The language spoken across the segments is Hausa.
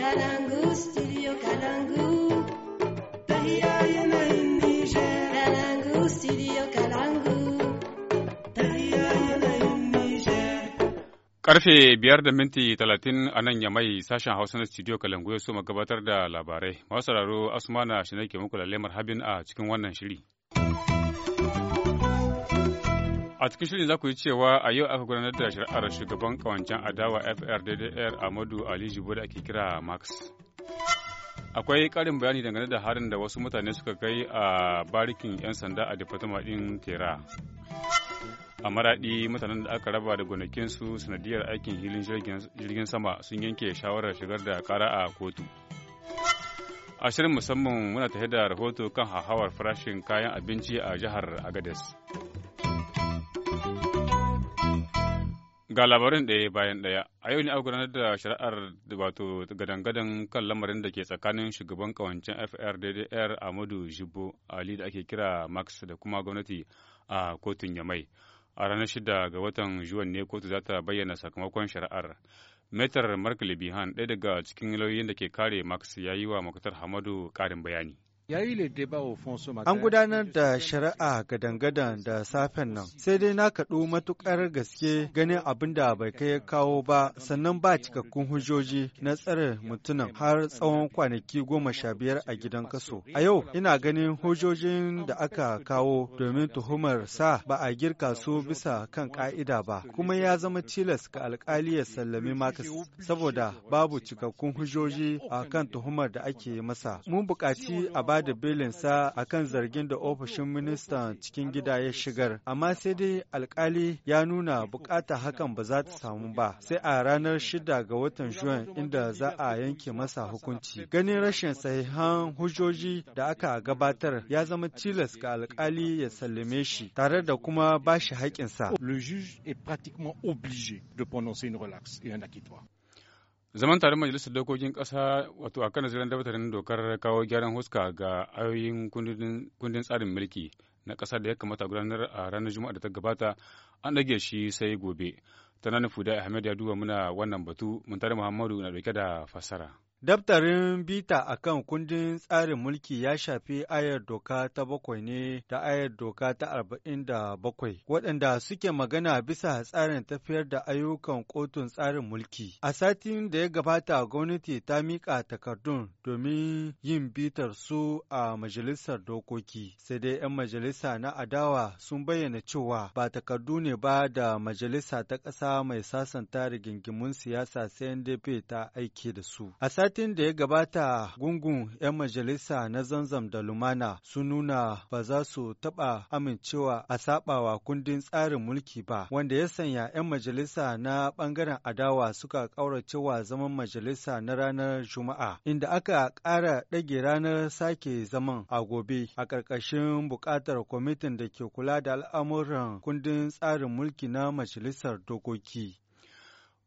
Karfe biyar da minti talatin a nan yamai sashen Hausa na studio Kalangu ya so gabatar da labarai. Masu sauraro Asmana shi nake muku lalle marhabin a cikin wannan shiri. A cikin shirin za ku yi cewa a yau aka gudanar da shari'ar shugaban kawancen adawa FRDDR Amadu Ali Jibo da ake kira Max. Akwai ƙarin bayani dangane da harin da wasu mutane suka kai a barikin 'yan sanda a Departama ɗin Tera. A maraɗi mutanen da aka raba da gonakinsu sanadiyar aikin hilin jirgin sama sun yanke shawarar shigar da ƙara a kotu. A shirin musamman muna tafi da rahoto kan hauhawar farashin kayan abinci a jihar Agadez. Ga labarin ɗaya bayan ɗaya, a yau ne aka gudanar da shari'ar wato gadangadan kan lamarin da ke tsakanin shugaban kawancin FRDDR Amadu Jibo Ali da ake kira Max da kuma gwamnati a kotun Yamai. A ranar shida ga watan Juwan ne kotu za ta bayyana sakamakon shari'ar. Metar Mark Libihan ɗaya daga cikin lauyoyin da ke kare Max ya yi wa makutar Hamadu ƙarin bayani. An gudanar da shari'a ga dangadan da safen nan, sai dai na kaɗu matuƙar gaske ganin abin da bai kai kawo ba, sannan ba cikakkun hujjoji na tsare mutumin har tsawon kwanaki goma sha biyar a gidan kaso. A yau, ina ganin hujjojin da aka kawo domin tuhumar sa ba a girka su bisa kan ka'ida ba, kuma ya zama tilas ga alkali ya sallami makas, saboda babu cikakkun hujjoji a kan tuhumar da ake masa. Mun bukaci a ba da belinsa a kan zargin da ofishin ministan cikin gida ya shigar, amma sai dai alkali ya nuna bukata hakan ba za ta samu ba, sai a ranar shida ga watan Juan inda za a yanke masa hukunci. Ganin rashin sahihan hujjoji da aka gabatar ya zama tilas ga alkali ya sallame shi tare da kuma ba shi haƙƙinsa. zaman tare majalisar dokokin kasa wato akan zirin dabatarin dokar kawo gyaran huska ga ayoyin kundin tsarin mulki na kasa da ya kamata gudanar a ranar juma'a da ta gabata an ɗage shi sai gobe tana nufu da ahmed ya duba muna wannan batu tare muhammadu na ɗauke da fassara. Daftarin bita a kan kundin tsarin mulki ya shafi ayar doka ta bakwai ne da ayar doka ta arba'in da bakwai, waɗanda suke magana bisa tsarin tafiyar da ayyukan kotun tsarin mulki. A satin da ya gabata gwamnati ta miƙa takardun domin yin bitar su a majalisar dokoki, sai dai 'yan majalisa na adawa sun bayyana cewa ba takardu ne ba da majalisa ta ƙasa mai sasanta rigingimun siyasa CNDP ta aiki da su. A satin da ya gabata gungun 'yan majalisa na zanzam da lumana sun nuna ba za su taɓa amincewa a saɓawa kundin tsarin mulki ba, wanda ya sanya 'yan majalisa na ɓangaren adawa suka ƙauracewa zaman majalisa na ranar Juma'a, inda aka ƙara ɗage ranar sake zaman a gobe a ƙarƙashin buƙatar kwamitin da ke kula da al'amuran kundin tsarin mulki na majalisar dokoki.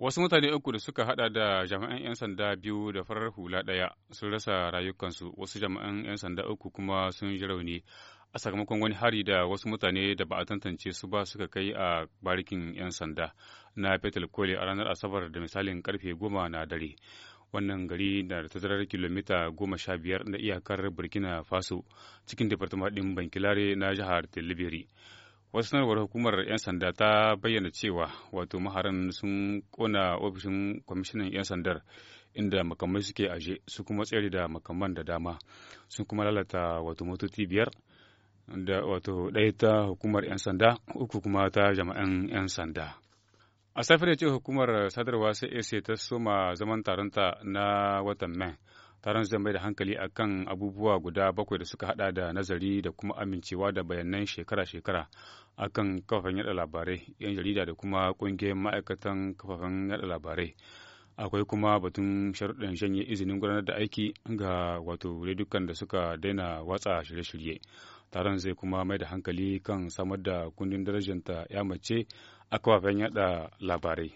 Wasu mutane uku da suka hada da jami'an 'yan sanda biyu da farar hula ɗaya sun rasa rayukansu, wasu jami'an 'yan sanda uku kuma sun ji rauni a sakamakon wani hari da wasu mutane da ba a tantance su ba suka kai a barikin 'yan sanda na Petal Kole a ranar Asabar da misalin karfe goma na dare. Wannan gari na da tazarar kilomita goma sha biyar na iyakar Burkina Faso cikin departama ɗin Bankilare na jihar Tilibiri. wasu sanarwar hukumar 'yan sanda ta bayyana cewa wato maharan sun kona ofishin kwamishinan 'yan sandar inda makamai suke aje su kuma tsere da makaman da dama sun kuma lalata wato motoci biyar da wato ɗaya ta hukumar 'yan sanda uku kuma ta jama'an 'yan sanda a safiyar ce hukumar sadarwa sai ta soma zaman taronta na watan mai taron zai mai da hankali akan abubuwa guda bakwai da suka hada da nazari da kuma amincewa da bayanan shekara-shekara akan kafafen yada labarai yan jarida da kuma kungiyar ma'aikatan kafafen yada labarai akwai kuma batun sharuɗin shanye izinin gudanar da aiki ga wato redukan da suka daina watsa shirye-shirye taron zai kuma mai da hankali kan samar da kundin darajanta ya mace a kafafen yada labarai.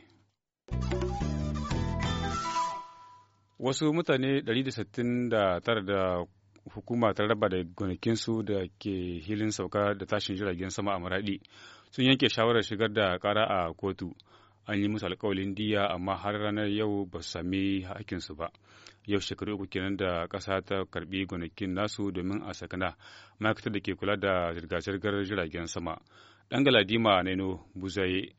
wasu mutane 169 da tara hukuma ta raba da gonakinsu da ke hilin sauka da tashin jiragen sama a maradi sun yanke shawarar shigar da kara a kotu an yi musu alkawalin diya amma har ranar yau ba su sami hakinsu ba yau shekaru uku kenan da ƙasa ta karbi gonakin nasu domin a sakana ma'aikatar da ke kula da zirga-zirgar jiragen sama ɗan galadima naino buzaye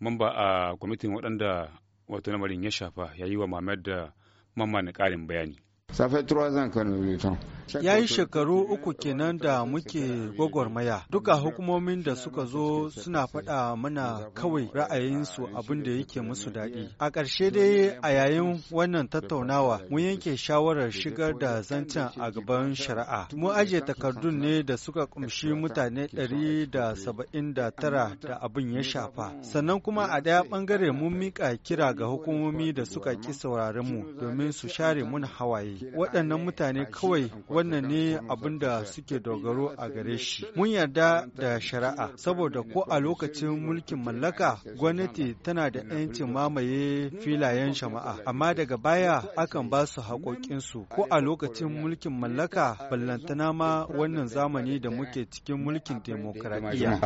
mamba a kwamitin waɗanda wato namarin ya shafa ya yi wa mamad da mamman ƙarin bayani. Ya yi shekaru uku kenan da muke gwagwarmaya. Duka hukumomin da suka zo suna faɗa mana kawai ra'ayinsu abin da yake musu daɗi. A ƙarshe dai a yayin wannan tattaunawa mun yanke shawarar shigar da zancen a gaban shari'a. mu aje takardun ne da suka kumshi mutane ɗari da saba'in da tara da abin ya shafa. Sannan kuma a ɗaya ɓangare mun miƙa kira ga hukumomi da suka ƙi sauraron mu domin su share mun hawaye. waɗannan mutane kawai wannan ne abin da suke dogaro a gare shi mun yarda da shari'a saboda ko a lokacin mulkin mallaka gwamnati tana da 'yancin mamaye filayen shama'a amma daga baya akan ba su haƙoƙinsu ko a lokacin mulkin mallaka ballantana ma wannan zamani da muke cikin mulkin demokradiyya.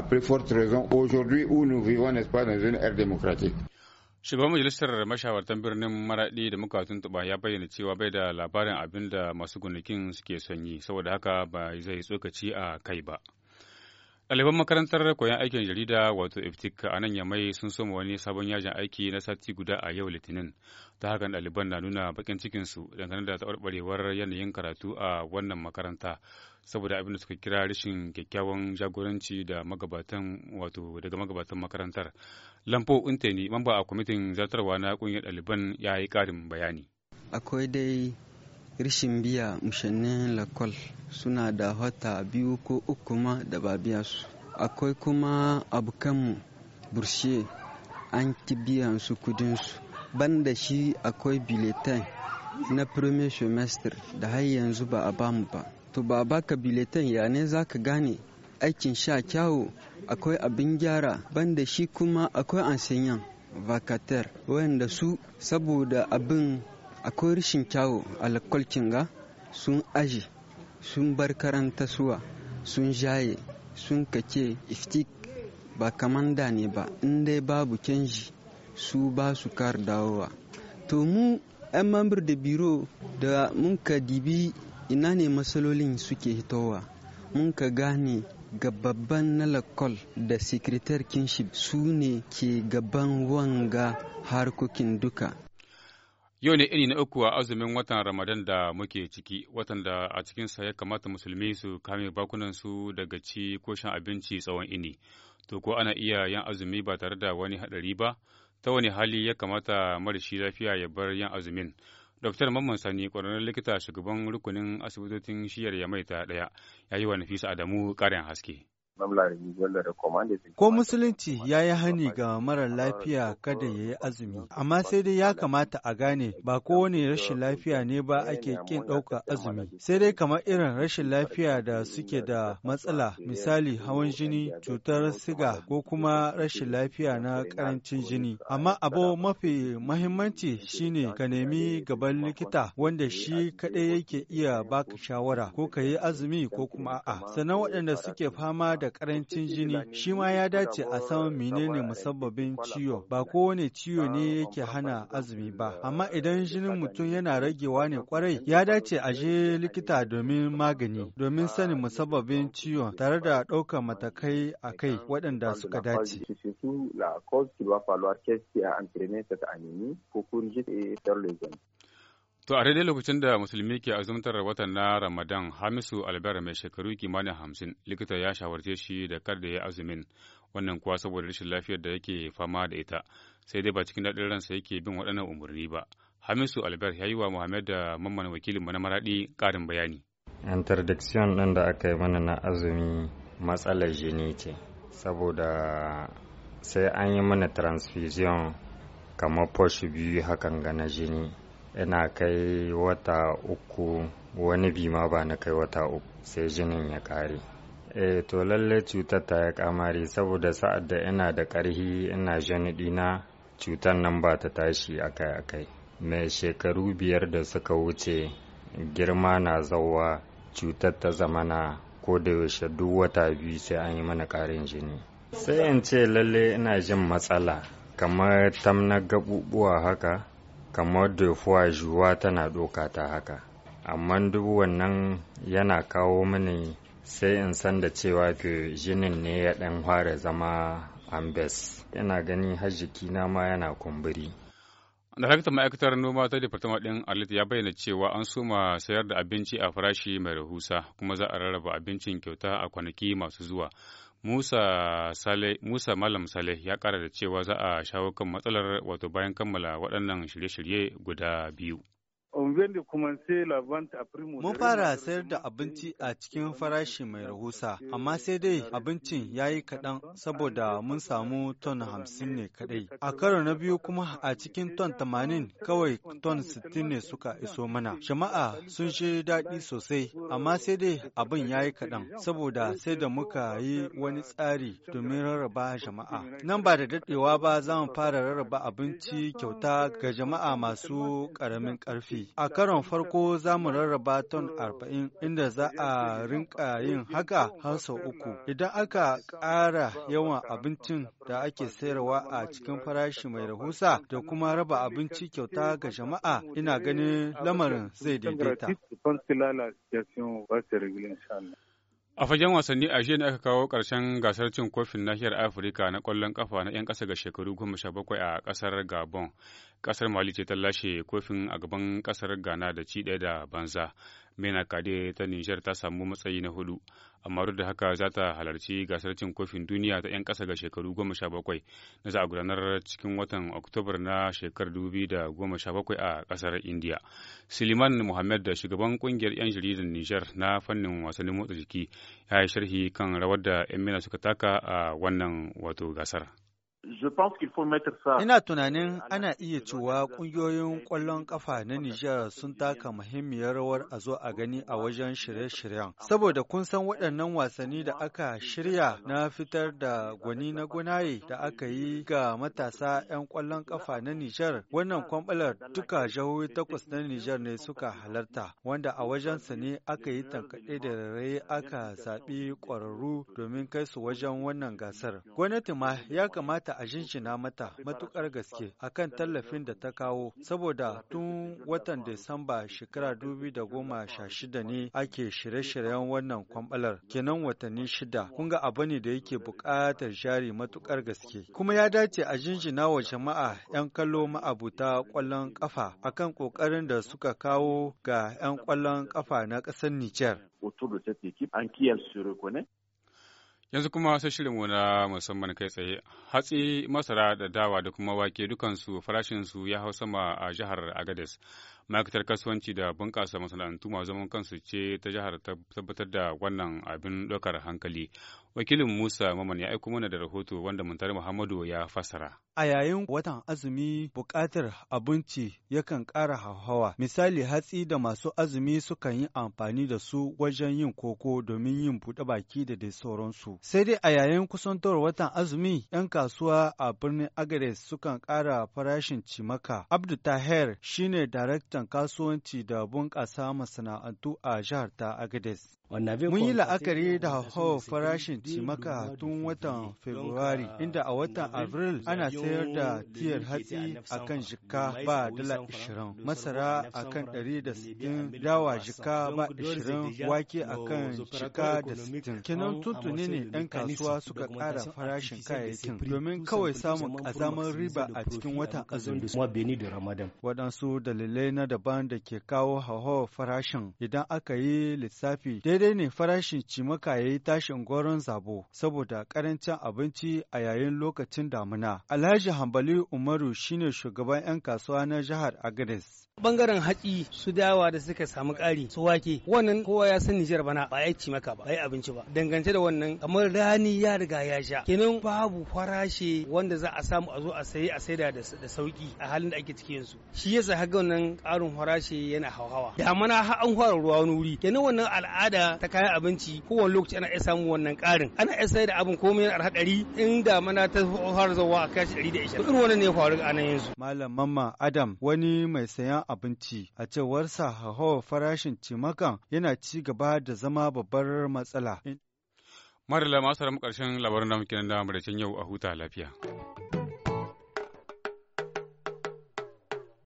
Shugaban majalisar mashawartan birnin Maraɗi da muka tuntuɓa ya bayyana cewa bai da labarin abin da masu gonakin suke son yi, saboda haka ba zai tsokaci a kai ba. Ɗaliban makarantar koyon aikin jarida wato iftik a nan yamai sun soma wani sabon yajin aiki na sati guda a yau litinin ta hakan ɗaliban na nuna bakin cikinsu dangane da taɓarɓarewar yanayin karatu a wannan makaranta saboda abin da suka kira rashin kyakkyawan jagoranci da magabatan wato daga magabatan makarantar. Lampo Unteni, mamba a kwamitin zartarwa na kungiyar ɗaliban ya yi ƙarin bayani. Akwai dai rashin biya mushannin lakol suna da hota biyu ko uku ma da ba biya su. Akwai kuma abokanmu burshe an ki biyan su kudinsu. Banda shi akwai biletin na premier semester da har yanzu ba a bamu ba. to ba baka biletan ya ne za ka gane aikin sha kyawu akwai abin gyara ban da shi kuma akwai ansenyan vacater wanda su saboda abin akwai rashin kyawu a lakwalkin ga sun aji sun bar karanta suwa sun jaye sun kake iftik ba kaman da ne ba in dai babu canji su ba su kar dawowa to mu 'yan mambar da biro da mun ka dibi ina ne matsalolin suke hitowa mun ka gane gababban na lakol da sekretar kinship su ne ke gaban wanga harkokin duka yau ne iri na uku a azumin watan ramadan da muke ciki watan da a cikinsa ya kamata musulmi su kame bakunansu daga ci ko shan abinci tsawon ini to ko ana iya yan azumi ba tare da wani hadari ba ta wani hali ya kamata marashi lafiya ya bar yan azumin Dr. Mamman Sani, ƙwararren likita shugaban rukunin asibitocin shiyar Yamai ta ɗaya, ya yi wa Nafisa Adamu ƙarin haske. Ko Musulunci ya yi hani ga marar lafiya kada ya yi azumi, amma sai dai ya kamata a gane ba kowane rashin lafiya ne ba ake kin ɗaukar azumi, sai dai kamar irin rashin lafiya da suke da matsala, misali hawan jini, cutar siga ko kuma rashin lafiya na karancin jini. Amma abu mafi mahimmanci shine ka nemi gaban likita wanda shi kaɗai yake iya baka shawara ko ka yi azumi ko kuma a'a. Sannan waɗanda suke fama da da karancin jini shi ma ya dace a san menene musabbabin ciwo ba kowane ciwo ne yake hana azumi ba amma idan jinin mutum yana ragewa ne kwarai ya dace a je likita domin magani domin sanin musabbabin ciwon tare da ɗaukar matakai a kai waɗanda suka dace. la cause To a daidai lokacin da musulmi ke azumtar watan na Ramadan Hamisu Albar mai shekaru kimanin hamsin likita ya shawarce shi da kar da ya azumin wannan kuwa saboda rashin lafiyar da yake fama da ita sai dai ba cikin daɗin ransa yake bin waɗannan umarni ba. Hamisu Albar ya yi wa Muhammad da mamman wakilin na maraɗi ƙarin bayani. Interdiction ɗin da aka yi mana na azumi matsalar jini ce saboda sai an yi mana transfusion kamar posh biyu hakan gana jini. ina kai wata uku wani bima ba na kai wata uku sai jinin ya kare eh to lalle cutar ta ya kamari saboda sa'ad da ina da karhi ina jini dina cutar nan ba ta tashi akai-akai mai shekaru biyar da suka wuce girma na zawa cutar ta zamana ko da yaushe duk wata biyu sai an yi mana karin jini sai in ce lalle ina jin matsala kamar tam na gabubuwa haka kamar da fuwa juwa tana ɗoka ta haka amma duk wannan yana kawo mini sai in san da cewa ke jinin ne ya ɗan fara zama ambes yana gani har na ma yana kumburi Daraktan ma'aikatar noma ta Departamar ɗin Alit ya bayyana cewa an suma sayar da abinci a farashi mai rahusa kuma za a rarraba abincin kyauta a kwanaki masu zuwa. Musa, Sale, Malam Saleh ya ƙara da cewa za a shawo kan matsalar wato bayan kammala waɗannan shirye-shirye guda biyu. Mun fara sayar da abinci a cikin farashi mai rahusa, amma sai dai abincin ya yi kaɗan saboda mun samu ton hamsin ne kaɗai. A karo na biyu kuma a cikin ton tamanin kawai ton sittin ne suka iso mana. Jama'a sun shi daɗi sosai, amma sai dai abin ya yi kaɗan saboda sai da muka yi wani tsari domin rarraba jama'a. Nan ba da daɗewa ba za mu fara rarraba abinci kyauta ga jama'a masu ƙaramin ƙarfi. A karon farko za mu rarraba ton arba'in inda za a rinka yin haka har sau uku. Idan aka ƙara yawan abincin da ake sayarwa a cikin farashi mai rahusa da kuma raba abinci kyauta ga jama'a ina ganin lamarin zai daidaita. A fagen wasanni a jiya ne aka kawo ƙarshen gasar cin kofin nahiyar Afirka na ƙwallon ƙafa na 'yan ƙasa ga shekaru goma sha bakwai a ƙasar Gabon. Ƙasar Mali ce ta lashe kofin a gaban ƙasar Ghana da ci ɗaya da banza. mena kade ta nijar ta samu matsayi na hudu amma duk da haka za ta halarci gasar cin kofin duniya ta 'yan ƙasa ga shekaru goma sha bakwai na za a gudanar cikin watan oktobar na shekarar 2017 da goma bakwai a ƙasar india. suleiman muhammad da shugaban kungiyar 'yan jaridar nijar na fannin wasannin motsa jiki ya yi sharhi kan rawar da 'yan mena suka taka a wannan wato gasar. Ina tunanin ana iya cewa ƙungiyoyin ƙwallon ƙafa na Nijar sun taka muhimmiyar rawar a zo a gani a wajen shirye-shiryen. Saboda kun san waɗannan wasanni da aka shirya na fitar da gwani na gunaye da aka yi ga matasa 'yan ƙwallon ƙafa na Nijar, wannan kwamɓalar duka jihohi takwas na Nijar ne suka halarta, wanda a wajen su ne aka yi tankaɗe da raye aka zaɓi ƙwararru domin kai su wajen wannan gasar. Gwamnati ma ya kamata a jinjina mata matukar gaske akan tallafin da ta kawo saboda tun watan Disamba shekara dubi da goma sha shida ne ake shirye-shiryen wannan kwambalar kenan watanni shida kun ga abu ne da yake buƙatar jari matukar gaske kuma ya dace a jinjina wa jama'a 'yan kallo ma'abuta ƙwallon ƙafa akan ƙoƙarin da suka kawo ga 'yan ƙwallon ƙafa na ƙasar Nijar. autour de cette équipe en qui elle se reconnaît Yanzu kuma sai shirinmu na musamman kai tsaye, hatsi, masara da dawa da kuma wake dukansu farashinsu ya hau sama a jihar Agades. Ma'aikatar kasuwanci da bunƙasa masana'antu masu zaman kansu ce ta jihar tabbatar da wannan abin ɗaukar hankali. Wakilin Musa Maman ya aiko mana da rahoto wanda Muntari Muhammadu ya fasara. A yayin watan azumi buƙatar abinci yakan ƙara hauhawa. Misali hatsi da masu azumi sukan yi amfani da su wajen yin koko domin yin buɗe baki da dai sauransu. Sai dai a yayin kusantar watan azumi 'yan kasuwa a birnin Agares sukan ƙara farashin cimaka. Abdu Taher shine daraktan kasuwanci da bunƙasa masana'antu a jihar ta Agadez. Mun yi la'akari da hauhawar farashin cimaka tun watan Februari, inda a watan Abril ana sayar da tiyar hatsi a kan jika ba dala 20, masara a kan 160, dawa jika ba 20, wake a kan jika da 60. Kinan tuntuni ne 'yan kasuwa suka ƙara farashin kayayyakin domin kawai samun ƙazamar riba a cikin watan azumi. Waɗansu dalilai na daban da ke kawo hauhawar farashin idan aka yi lissafi daidai daidai ne farashin cimaka ya yi tashin goron zabo saboda karancin abinci a yayin lokacin damuna. Alhaji Hambali Umaru shine shugaban 'yan kasuwa na jihar Agnes. Bangaren hatsi su dawa da suka samu ƙari su wake wannan kowa ya san Nijar bana ba ya cimaka ba ba ya abinci ba dangance da wannan kamar rani ya riga ya sha kenan babu farashi wanda za a samu a zo a sayi a saida da sauki a halin da ake ciki yanzu shi yasa haka wannan ƙarin farashi yana hauhawa Da har an fara ruwa wuri kenan wannan al'ada ta kayan abinci kowane lokaci ana iya samun wannan karin ana iya sayar da abin komai yana alhaƙari inda mana ta fara zuwa a kashi ɗari da ishirin irin wannan ne ya faru a nan yanzu. malam mamma adam wani mai sayan abinci a cewar sa hauhawar farashin cimakan yana ci gaba da zama babbar matsala. Mara lama sarar ƙarshen labarin da muke nan da yau a huta lafiya.